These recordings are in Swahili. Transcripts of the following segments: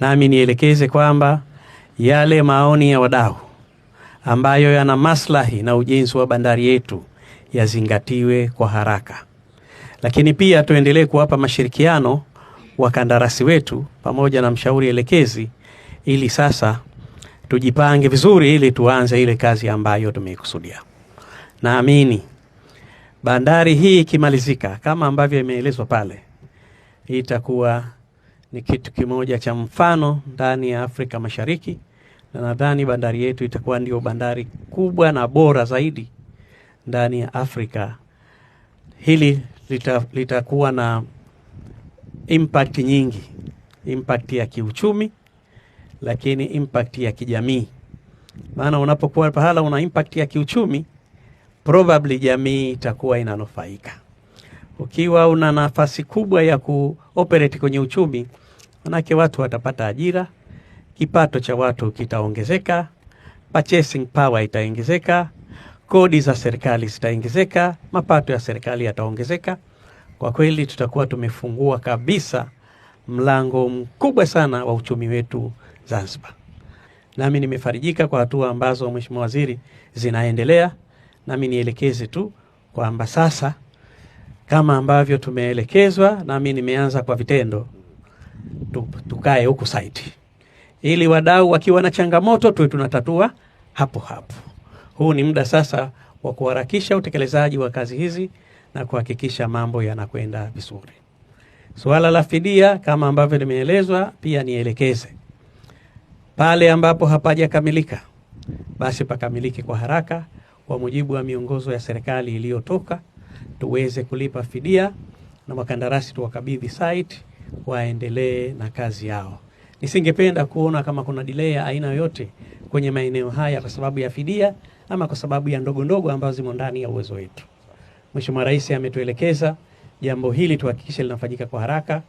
nami nielekeze kwamba yale maoni ya wadau ambayo yana maslahi na ujenzi wa bandari yetu yazingatiwe kwa haraka, lakini pia tuendelee kuwapa mashirikiano wakandarasi wetu pamoja na mshauri elekezi, ili sasa tujipange vizuri, ili tuanze ile kazi ambayo tumeikusudia. Naamini bandari hii ikimalizika kama ambavyo imeelezwa pale itakuwa ni kitu kimoja cha mfano ndani ya Afrika Mashariki, na nadhani bandari yetu itakuwa ndio bandari kubwa na bora zaidi ndani ya Afrika. Hili litakuwa lita na impact nyingi, impact ya kiuchumi, lakini impact ya kijamii. Maana unapokuwa pahala una impact ya kiuchumi, probably jamii itakuwa inanufaika. Ukiwa una nafasi kubwa ya kuoperate kwenye uchumi, manake watu watapata ajira, kipato cha watu kitaongezeka, purchasing power itaongezeka, kodi za serikali zitaongezeka, mapato ya serikali yataongezeka. Kwa kweli tutakuwa tumefungua kabisa mlango mkubwa sana wa uchumi wetu Zanzibar. Nami nimefarijika kwa hatua ambazo Mheshimiwa Waziri zinaendelea, nami nielekeze tu kwamba sasa kama ambavyo tumeelekezwa, nami nimeanza kwa vitendo. Tukae huku site, ili wadau wakiwa na changamoto tuwe tunatatua hapo hapo. Huu ni muda sasa wa kuharakisha utekelezaji wa kazi hizi na kuhakikisha mambo yanakwenda vizuri. Suala la fidia kama ambavyo limeelezwa, pia nielekeze pale ambapo hapajakamilika basi pakamilike kwa haraka kwa mujibu wa miongozo ya serikali iliyotoka tuweze kulipa fidia na wakandarasi tuwakabidhi site waendelee na kazi yao. Nisingependa kuona kama kuna delay ya aina yoyote kwenye maeneo haya kwa sababu ya fidia ama kwa sababu ya ndogo ndogo ambazo zimo ndani ya uwezo wetu. Mheshimiwa Rais ametuelekeza jambo hili tuhakikishe linafanyika kwa haraka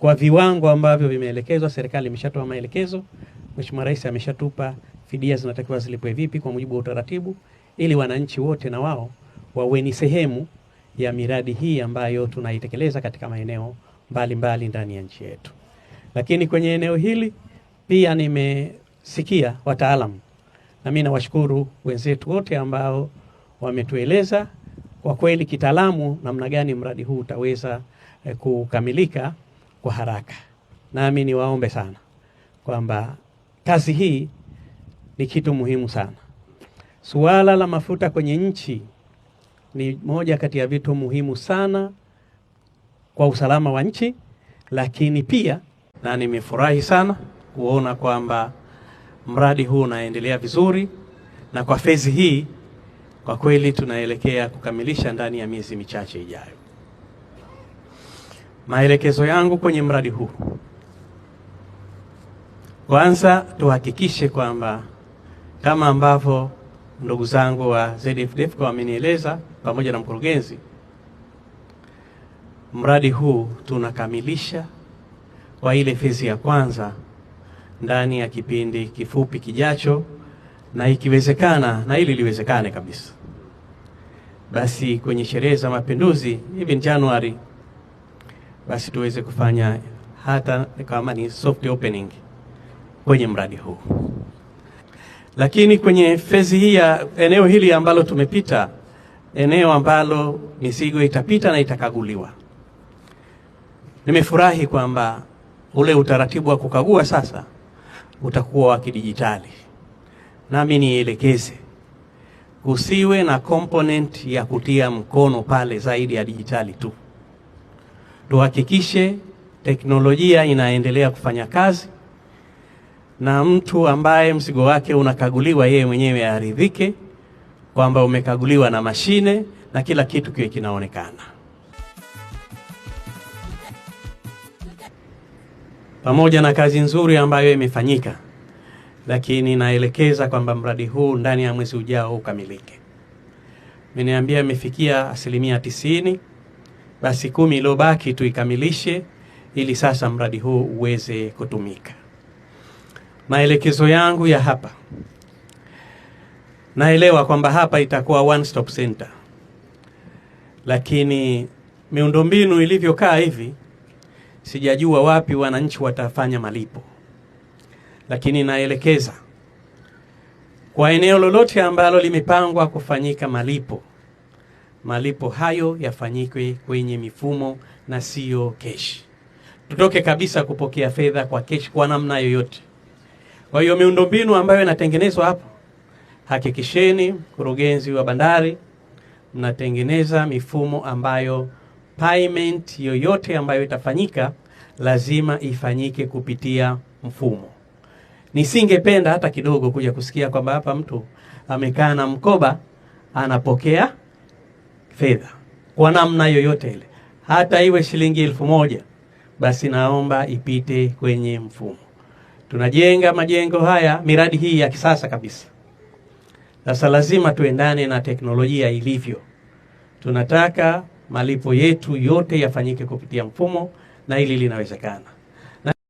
kwa viwango ambavyo vimeelekezwa. Serikali imeshatoa maelekezo, Mheshimiwa Rais ameshatupa fidia zinatakiwa zilipwe vipi kwa mujibu wa utaratibu, ili wananchi wote na wao wawe ni sehemu ya miradi hii ambayo tunaitekeleza katika maeneo mbalimbali ndani ya nchi yetu. Lakini kwenye eneo hili pia nimesikia wataalamu, na mimi nawashukuru wenzetu wote ambao wametueleza kwa kweli kitaalamu namna gani mradi huu utaweza eh, kukamilika kwa haraka. Nami niwaombe sana kwamba kazi hii ni kitu muhimu sana. Suala la mafuta kwenye nchi ni moja kati ya vitu muhimu sana kwa usalama wa nchi, lakini pia na nimefurahi sana kuona kwamba mradi huu unaendelea vizuri na kwa fezi hii kwa kweli tunaelekea kukamilisha ndani ya miezi michache ijayo. Maelekezo yangu kwenye mradi huu, kwanza tuhakikishe kwamba kama ambavyo ndugu zangu wa ZFDF wamenieleza pamoja na mkurugenzi, mradi huu tunakamilisha kwa ile fezi ya kwanza ndani ya kipindi kifupi kijacho, na ikiwezekana, na ili liwezekane kabisa, basi kwenye sherehe za Mapinduzi hivi Januari, basi tuweze kufanya hata kama ni soft opening kwenye mradi huu. Lakini kwenye fezi hii ya eneo hili ambalo tumepita, eneo ambalo mizigo itapita na itakaguliwa, nimefurahi kwamba ule utaratibu wa kukagua sasa utakuwa wa kidijitali. Nami nielekeze kusiwe na component ya kutia mkono pale zaidi ya dijitali tu, tuhakikishe teknolojia inaendelea kufanya kazi na mtu ambaye mzigo wake unakaguliwa yeye mwenyewe aridhike kwamba umekaguliwa na mashine na kila kitu kiwe kinaonekana. Pamoja na kazi nzuri ambayo imefanyika, lakini naelekeza kwamba mradi huu ndani ya mwezi ujao ukamilike. Mmeniambia imefikia asilimia tisini, basi kumi iliyobaki tuikamilishe ili sasa mradi huu uweze kutumika maelekezo yangu ya hapa, naelewa kwamba hapa itakuwa one stop center, lakini miundombinu ilivyokaa hivi, sijajua wapi wananchi watafanya malipo, lakini naelekeza kwa eneo lolote ambalo limepangwa kufanyika malipo, malipo hayo yafanyike kwenye mifumo na siyo keshi. Tutoke kabisa kupokea fedha kwa keshi kwa namna yoyote. Kwa hiyo miundombinu ambayo inatengenezwa hapo, hakikisheni mkurugenzi wa bandari, mnatengeneza mifumo ambayo payment yoyote ambayo itafanyika lazima ifanyike kupitia mfumo. Nisingependa hata kidogo kuja kusikia kwamba hapa mtu amekaa na mkoba anapokea fedha kwa namna yoyote ile, hata iwe shilingi elfu moja basi naomba ipite kwenye mfumo tunajenga majengo haya, miradi hii ya kisasa kabisa. Sasa lazima tuendane na teknolojia ilivyo. Tunataka malipo yetu yote yafanyike kupitia mfumo, na hili linawezekana.